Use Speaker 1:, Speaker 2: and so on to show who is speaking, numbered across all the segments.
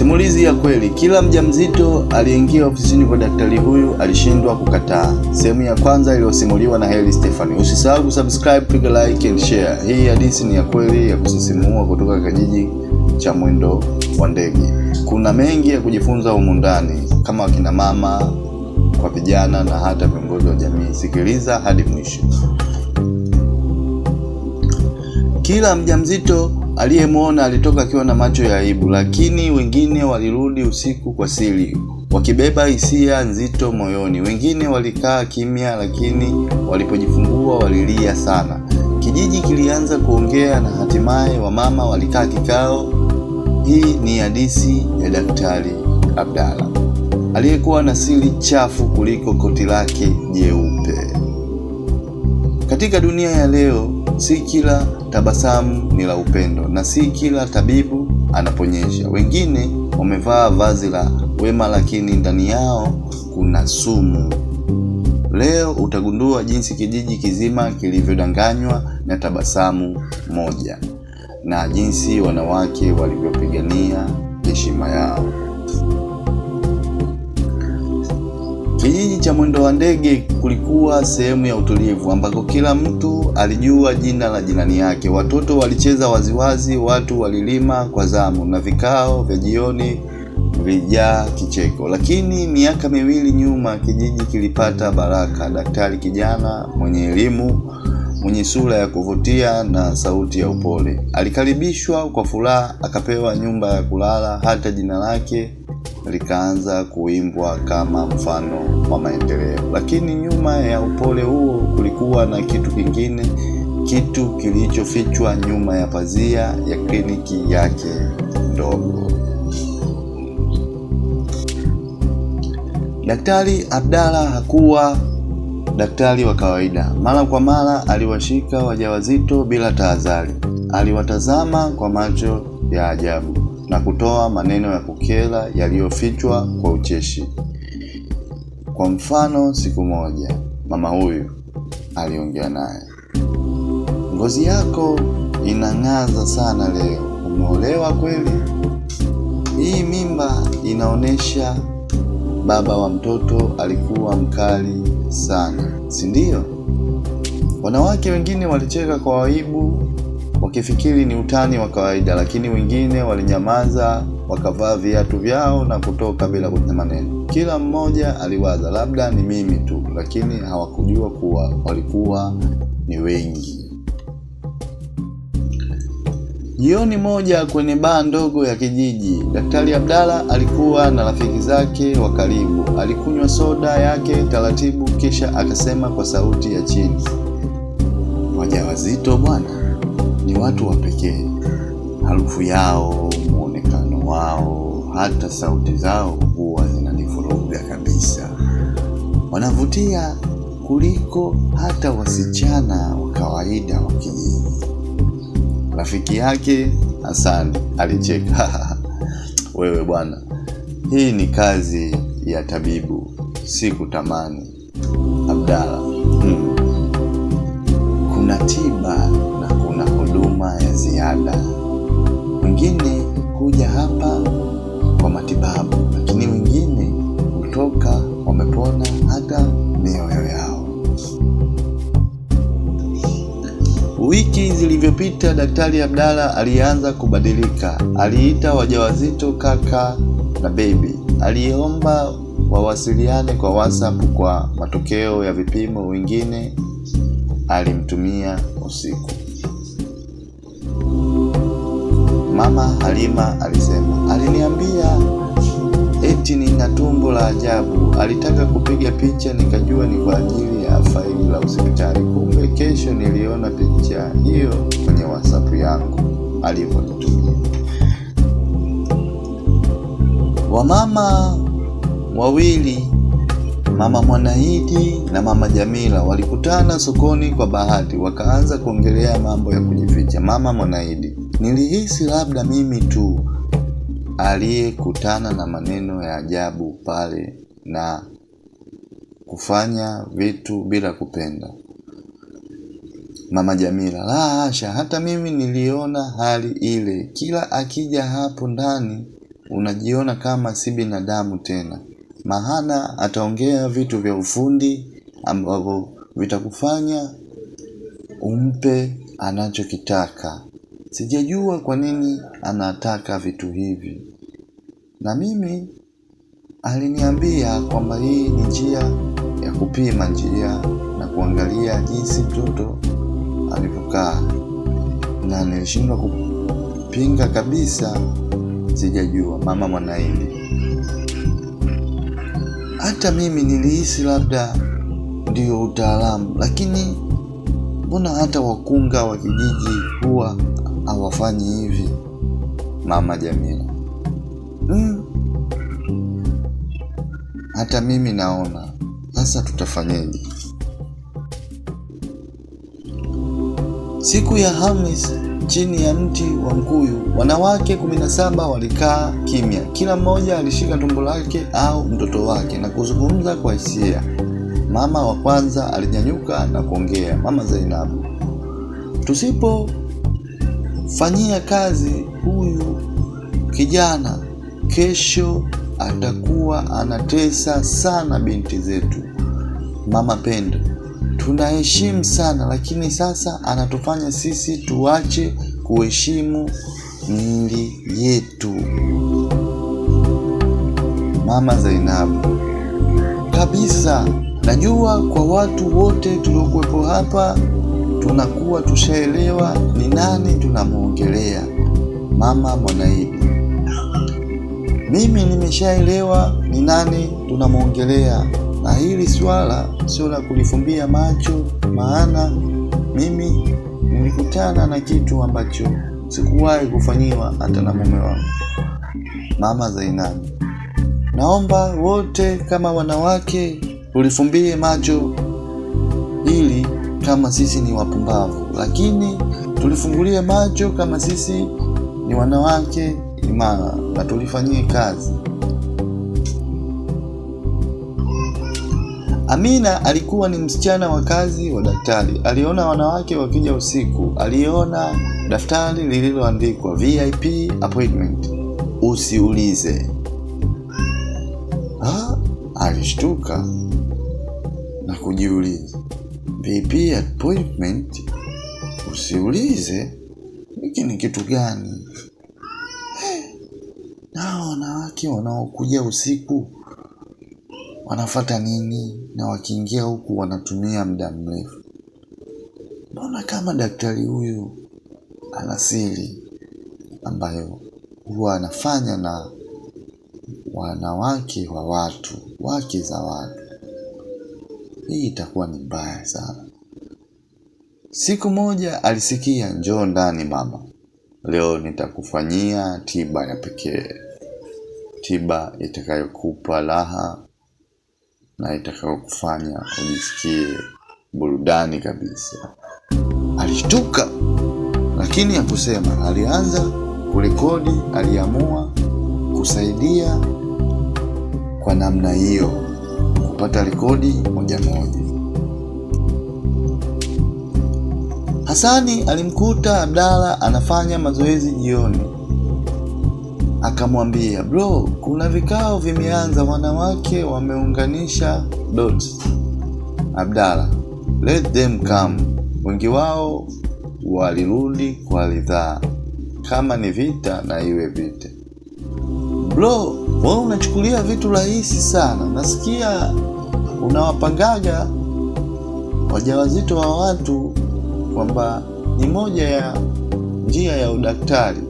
Speaker 1: Simulizi ya kweli. Kila mjamzito aliyeingia ofisini kwa daktari huyu alishindwa kukataa. Sehemu ya kwanza iliyosimuliwa na Heli Stefani. Usisahau kusubscribe, piga like and share. Hii hadithi ni ya kweli ya kusisimua kutoka kijiji cha Mwendo wa Ndege. Kuna mengi ya kujifunza humu ndani, kama wakina mama, kwa vijana na hata viongozi wa jamii. Sikiliza hadi mwisho. Kila mjamzito Aliyemwona alitoka akiwa na macho ya aibu, lakini wengine walirudi usiku kwa siri, wakibeba hisia nzito moyoni. Wengine walikaa kimya, lakini walipojifungua walilia sana. Kijiji kilianza kuongea, na hatimaye wamama walikaa kikao. Hii ni hadithi ya Daktari Abdalla aliyekuwa na siri chafu kuliko koti lake jeupe. Katika dunia ya leo, si kila tabasamu ni la upendo na si kila tabibu anaponyesha. Wengine wamevaa vazi la wema, lakini ndani yao kuna sumu. Leo utagundua jinsi kijiji kizima kilivyodanganywa na tabasamu moja na jinsi wanawake walivyopigania heshima yao. Kijiji cha Mwendo wa Ndege kulikuwa sehemu ya utulivu ambako kila mtu alijua jina la jirani yake. Watoto walicheza waziwazi, watu walilima kwa zamu, na vikao vya jioni vilijaa kicheko. Lakini miaka miwili nyuma, kijiji kilipata baraka. Daktari kijana mwenye elimu, mwenye sura ya kuvutia na sauti ya upole, alikaribishwa kwa furaha, akapewa nyumba ya kulala, hata jina lake likaanza kuimbwa kama mfano wa maendeleo. Lakini nyuma ya upole huo kulikuwa na kitu kingine, kitu kilichofichwa nyuma ya pazia ya kliniki yake ndogo. Daktari Abdalla hakuwa daktari wa kawaida. Mara kwa mara aliwashika wajawazito bila tahadhari, aliwatazama kwa macho ya ajabu na kutoa maneno ya kukera yaliyofichwa kwa ucheshi. Kwa mfano, siku moja mama huyu aliongea naye, ngozi yako inang'aza sana leo, umeolewa kweli? Hii mimba inaonyesha baba wa mtoto alikuwa mkali sana, si ndio? Wanawake wengine walicheka kwa aibu wakifikiri ni utani wa kawaida, lakini wengine walinyamaza, wakavaa viatu vyao na kutoka bila kusema maneno. Kila mmoja aliwaza labda ni mimi tu, lakini hawakujua kuwa walikuwa ni wengi. Jioni moja kwenye baa ndogo ya kijiji, Daktari Abdalla alikuwa na rafiki zake wa karibu. Alikunywa soda yake taratibu, kisha akasema kwa sauti ya chini, wajawazito bwana ni watu wa pekee. Harufu yao, muonekano wao, hata sauti zao huwa zinanivuruga kabisa. Wanavutia kuliko hata wasichana wa kawaida wa kijiji. Rafiki yake Hasani alicheka wewe bwana, hii ni kazi ya tabibu, si kutamani. Abdala, hmm. kuna tiba huduma ya ziada, wengine kuja hapa kwa matibabu, lakini wengine hutoka wamepona hata mioyo yao. Wiki zilivyopita, Daktari Abdalla alianza kubadilika. Aliita wajawazito kaka na bebi, aliomba wawasiliane kwa WhatsApp kwa matokeo ya vipimo, wengine alimtumia usiku. Mama Halima alisema, aliniambia eti nina tumbo la ajabu. Alitaka kupiga picha, nikajua ni kwa ajili ya faili la hospitali. Kumbe kesho niliona picha hiyo kwenye WhatsApp yangu alivyonitumia. Wamama wawili Mama mwanahidi na Mama Jamila walikutana sokoni kwa bahati, wakaanza kuongelea mambo ya kujificha. Mama mwanahidi Nilihisi labda mimi tu aliyekutana na maneno ya ajabu pale na kufanya vitu bila kupenda. Mama Jamila, la hasha, hata mimi niliona hali ile. Kila akija hapo ndani unajiona kama si binadamu tena, mahana ataongea vitu vya ufundi ambavyo vitakufanya umpe anachokitaka. Sijajua kwa nini anataka vitu hivi, na mimi aliniambia kwamba hii ni njia ya kupima njia na kuangalia jinsi mtoto alivyokaa, na nilishindwa kupinga kabisa. Sijajua mama Mwanaidi, hata mimi nilihisi labda ndio utaalamu, lakini mbona hata wakunga wa kijiji huwa hawafanyi hivi Mama Jamila. Mm. Hata mimi naona sasa tutafanyaje? Siku ya Hamis chini ya mti wa mkuyu, wanawake 17 walikaa kimya, kila mmoja alishika tumbo lake au mtoto wake na kuzungumza kwa hisia. Mama wa kwanza alinyanyuka na kuongea, Mama Zainabu, tusipo Fanyia kazi huyu kijana, kesho atakuwa anatesa sana binti zetu. Mama Pendo tunaheshimu sana, lakini sasa anatufanya sisi tuache kuheshimu miili yetu. Mama Zainabu kabisa, najua kwa watu wote tuliokuwepo hapa tunakuwa tushaelewa ni nani tunamwongelea, mama Mwanaidi. Mimi nimeshaelewa ni nani tunamwongelea, na hili swala sio la kulifumbia macho, maana mimi nilikutana na kitu ambacho sikuwahi kufanyiwa hata na mume wangu, mama Zainabu. Naomba wote kama wanawake ulifumbie macho ili kama sisi ni wapumbavu, lakini tulifungulie macho kama sisi ni wanawake imara na tulifanyie kazi. Amina alikuwa ni msichana wa kazi wa daktari. Aliona wanawake wakija usiku, aliona daftari lililoandikwa VIP appointment, usiulize. Ha, ah, alishtuka na kujiuliza BP appointment, usiulize hiki ni kitu gani. Na wanawake wanaokuja usiku wanafata nini? Na wakiingia huku wanatumia muda mrefu. Mbona kama daktari huyu ana siri ambayo huwa anafanya na wanawake wa watu, wake za watu hii itakuwa ni mbaya sana. Siku moja alisikia, njoo ndani mama, leo nitakufanyia tiba ya pekee, tiba itakayokupa raha na itakayokufanya ujisikie burudani kabisa. Alishtuka lakini hakusema. Alianza kurekodi, aliamua kusaidia kwa namna hiyo kupata rekodi moja moja. Hasani alimkuta Abdala anafanya mazoezi jioni, akamwambia bro, kuna vikao vimeanza, wanawake wameunganisha dots. Abdala, let them come. Wengi wao walirudi kwa ridhaa. Kama ni vita na iwe vita. Bro, wewe unachukulia vitu rahisi sana. Nasikia unawapangaga wajawazito wa watu kwamba ni moja ya njia ya udaktari.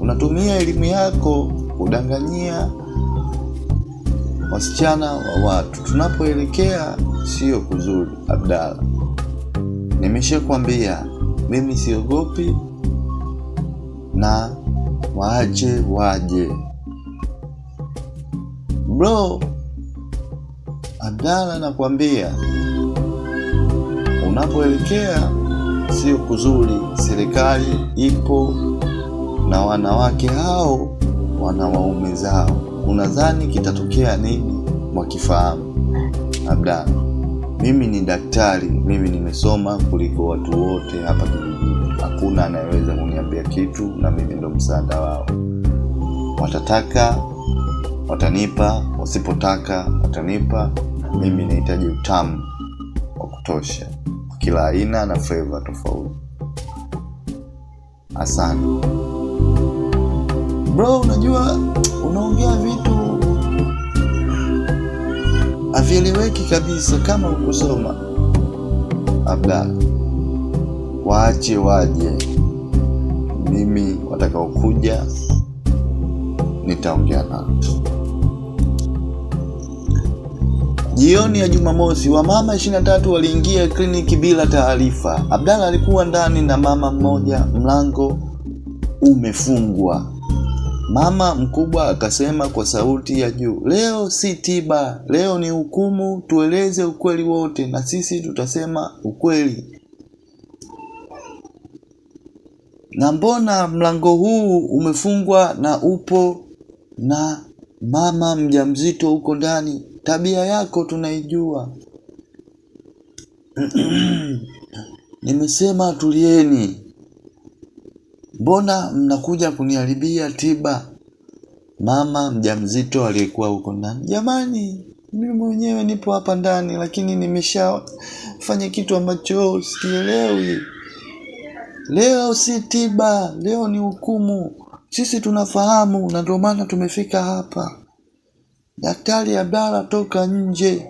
Speaker 1: Unatumia elimu yako kudanganyia wasichana wa watu. Tunapoelekea sio kuzuri, Abdalla. Nimeshakwambia mimi siogopi, na waache waje. Bro, Abdala anakuambia unapoelekea sio kuzuri. Serikali ipo na wanawake hao wana waume zao, unadhani kitatokea nini wakifahamu? Abdala, mimi ni daktari, mimi nimesoma kuliko watu wote hapa kijijini, hakuna anayeweza kuniambia kitu, na mimi ndo msaada wao watataka watanipa, wasipotaka watanipa. Mimi nahitaji utamu wa kutosha, kila aina na flavor tofauti. Asante bro, unajua unaongea vitu havieleweki kabisa kama ukusoma. Labda waache waje, mimi watakaokuja nitaongea nao. Jioni ya Jumamosi, wamama 23 waliingia kliniki bila taarifa. Abdalla alikuwa ndani na mama mmoja, mlango umefungwa. Mama mkubwa akasema kwa sauti ya juu, leo si tiba, leo ni hukumu. Tueleze ukweli wote, na sisi tutasema ukweli. Na mbona mlango huu umefungwa na upo na mama mjamzito huko ndani? Tabia yako tunaijua. Nimesema tulieni, mbona mnakuja kuniharibia tiba? Mama mjamzito aliyekuwa huko ndani, jamani, mimi mwenyewe nipo hapa ndani, lakini nimeshafanya kitu ambacho sikielewi. Leo si tiba, leo ni hukumu. Sisi tunafahamu na ndio maana tumefika hapa. Daktari Abdalla, toka nje.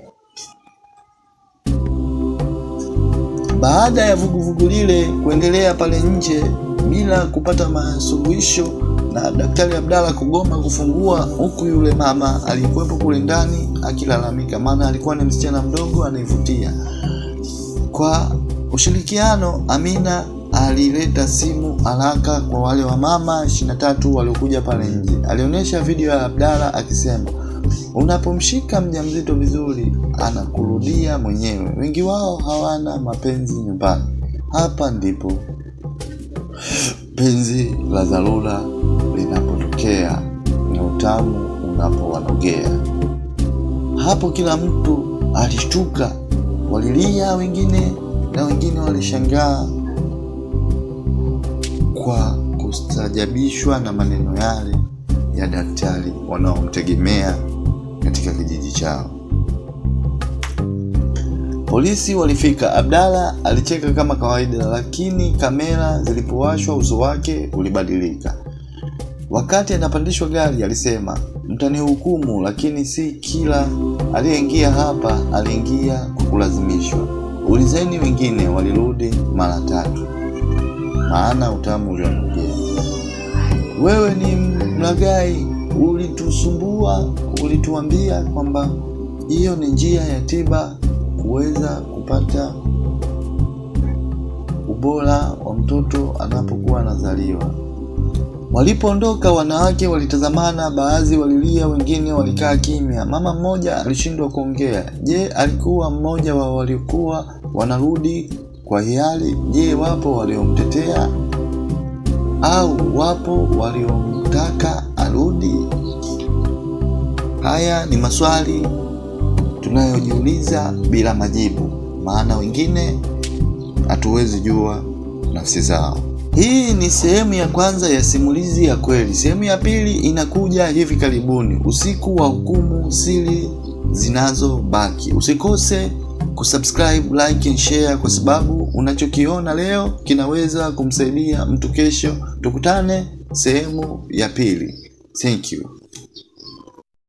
Speaker 1: Baada ya vuguvugu lile kuendelea pale nje bila kupata masuluhisho na daktari Abdalla kugoma kufungua, huku yule mama aliyekuwepo kule ndani akilalamika, maana alikuwa ni msichana mdogo anayevutia. Kwa ushirikiano, Amina alileta simu haraka kwa wale wa mama 23 waliokuja pale nje. Alionyesha video ya Abdalla akisema Unapomshika mjamzito vizuri, anakurudia mwenyewe. Wengi wao hawana mapenzi nyumbani. Hapa ndipo penzi la dharura linapotokea na utamu unapowanogea. Hapo kila mtu alishtuka, walilia wengine na wengine walishangaa kwa kustajabishwa na maneno yale ya daktari wanaomtegemea katika kijiji chao. Polisi walifika. Abdalla alicheka kama kawaida, lakini kamera zilipowashwa uso wake ulibadilika. Wakati anapandishwa gari alisema, mtanihukumu, lakini si kila aliyeingia hapa aliingia kwa kulazimishwa. Ulizeni wengine, walirudi mara tatu, maana utamu uliondokea. Wewe ni mlagai ulitusumbua, ulituambia kwamba hiyo ni njia ya tiba kuweza kupata ubora wa mtoto anapokuwa anazaliwa. Walipoondoka wanawake walitazamana, baadhi walilia, wengine walikaa kimya. Mama mmoja alishindwa kuongea. Je, alikuwa mmoja wa waliokuwa wanarudi kwa hiari? Je, wapo waliomtetea au wapo waliomtaka tunarudi? Haya ni maswali tunayojiuliza bila majibu, maana wengine hatuwezi jua nafsi zao. Hii ni sehemu ya kwanza ya simulizi ya kweli. Sehemu ya pili inakuja hivi karibuni, usiku wa hukumu, siri zinazobaki. Usikose kusubscribe, like and share, kwa sababu unachokiona leo kinaweza kumsaidia mtu kesho. Tukutane sehemu ya pili. Thank you.